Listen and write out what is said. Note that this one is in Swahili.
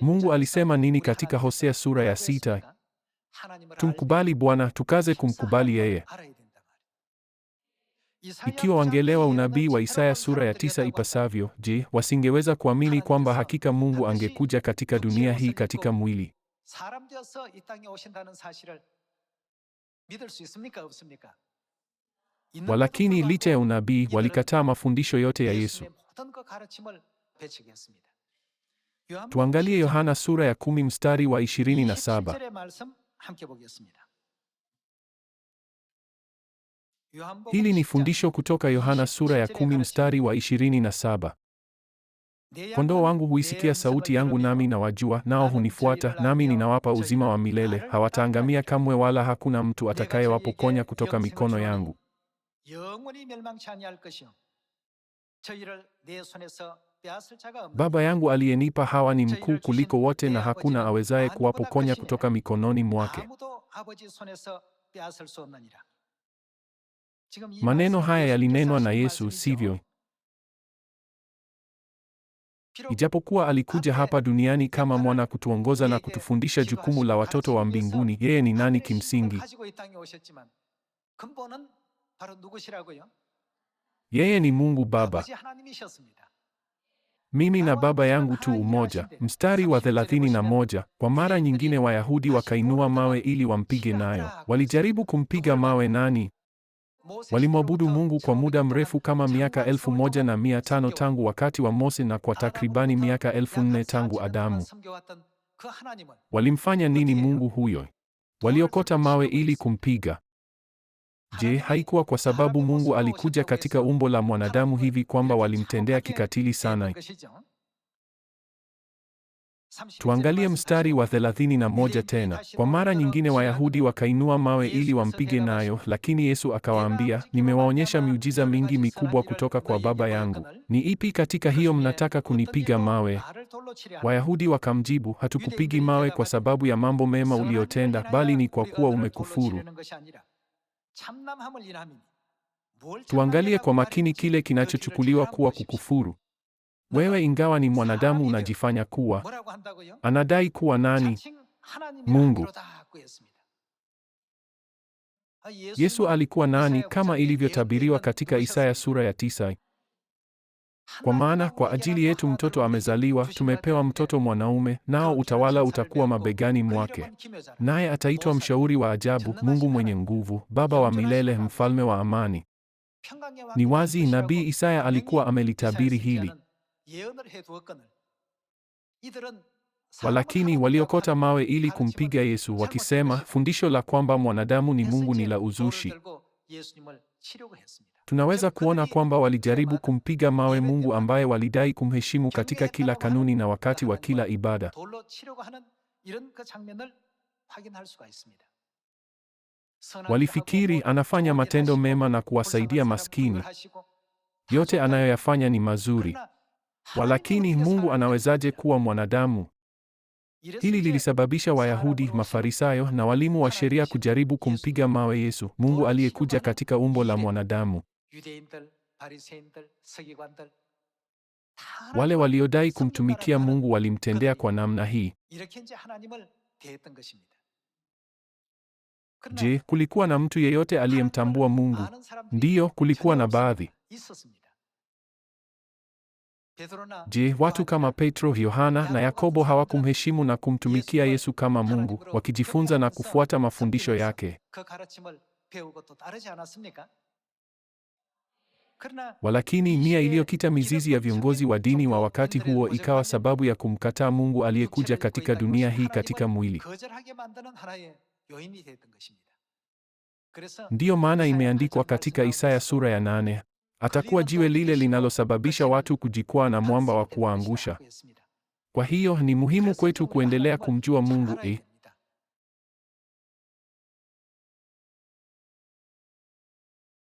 Mungu alisema nini katika Hosea sura ya sita? Tumkubali Bwana, tukaze kumkubali yeye. Ikiwa wangelewa unabii wa Isaya sura ya tisa ipasavyo, je, wasingeweza kuamini kwamba hakika Mungu angekuja katika dunia hii katika mwili? Walakini licha ya unabii, walikataa mafundisho yote ya Yesu. Tuangalie Yohana sura ya kumi mstari wa saba. Hili ni fundisho kutoka Yohana sura ya kumi mstari wa 27. Kondoo wangu huisikia sauti yangu, nami nawajua, nao hunifuata, nami ninawapa uzima wa milele, hawataangamia kamwe, wala hakuna mtu atakayewapokonya kutoka mikono yangu. Baba yangu aliyenipa hawa ni mkuu kuliko wote na hakuna awezaye kuwapokonya kutoka mikononi mwake. Maneno haya yalinenwa na Yesu, sivyo? Ijapokuwa alikuja hapa duniani kama mwana kutuongoza na kutufundisha jukumu la watoto wa mbinguni, yeye ni nani kimsingi? Yeye ni Mungu Baba mimi na Baba yangu tu umoja. Mstari wa thelathini na moja. Kwa mara nyingine Wayahudi wakainua mawe ili wampige nayo. Walijaribu kumpiga mawe nani? Walimwabudu Mungu kwa muda mrefu kama miaka elfu moja na mia tano tangu wakati wa Mose na kwa takribani miaka elfu nne tangu Adamu. Walimfanya nini Mungu huyo? Waliokota mawe ili kumpiga. Je, haikuwa kwa sababu Mungu alikuja katika umbo la mwanadamu hivi kwamba walimtendea kikatili sana? Tuangalie mstari wa 31 tena. Kwa mara nyingine Wayahudi wakainua mawe ili wampige nayo, lakini Yesu akawaambia, nimewaonyesha miujiza mingi mikubwa kutoka kwa Baba yangu. Ni ipi katika hiyo mnataka kunipiga mawe? Wayahudi wakamjibu, hatukupigi mawe kwa sababu ya mambo mema uliyotenda, bali ni kwa kuwa umekufuru. Tuangalie kwa makini kile kinachochukuliwa kuwa kukufuru. Wewe ingawa ni mwanadamu unajifanya kuwa. Anadai kuwa nani? Mungu. Yesu alikuwa nani kama ilivyotabiriwa katika Isaya sura ya tisa? Kwa maana kwa ajili yetu mtoto amezaliwa, tumepewa mtoto mwanaume, nao utawala utakuwa mabegani mwake, naye ataitwa Mshauri wa Ajabu, Mungu Mwenye Nguvu, Baba wa Milele, Mfalme wa Amani. Ni wazi nabii Isaya alikuwa amelitabiri hili. Walakini waliokota mawe ili kumpiga Yesu, wakisema fundisho la kwamba mwanadamu ni Mungu ni la uzushi. Tunaweza kuona kwamba walijaribu kumpiga mawe Mungu ambaye walidai kumheshimu katika kila kanuni na wakati wa kila ibada. Walifikiri anafanya matendo mema na kuwasaidia maskini. Yote anayoyafanya ni mazuri. Walakini Mungu anawezaje kuwa mwanadamu? Hili lilisababisha Wayahudi, Mafarisayo na walimu wa sheria kujaribu kumpiga mawe Yesu, Mungu aliyekuja katika umbo la mwanadamu. Wale waliodai kumtumikia Mungu walimtendea kwa namna hii. Je, kulikuwa na mtu yeyote aliyemtambua Mungu? Ndiyo, kulikuwa na baadhi. Je, watu kama Petro, Yohana na Yakobo hawakumheshimu na kumtumikia Yesu kama Mungu, wakijifunza na kufuata mafundisho yake? Walakini nia iliyokita mizizi ya viongozi wa dini wa wakati huo ikawa sababu ya kumkataa Mungu aliyekuja katika dunia hii katika mwili. Ndiyo maana imeandikwa katika Isaya sura ya nane Atakuwa jiwe lile linalosababisha watu kujikwaa na mwamba wa kuwaangusha. Kwa hiyo ni muhimu kwetu kuendelea kumjua Mungu eh.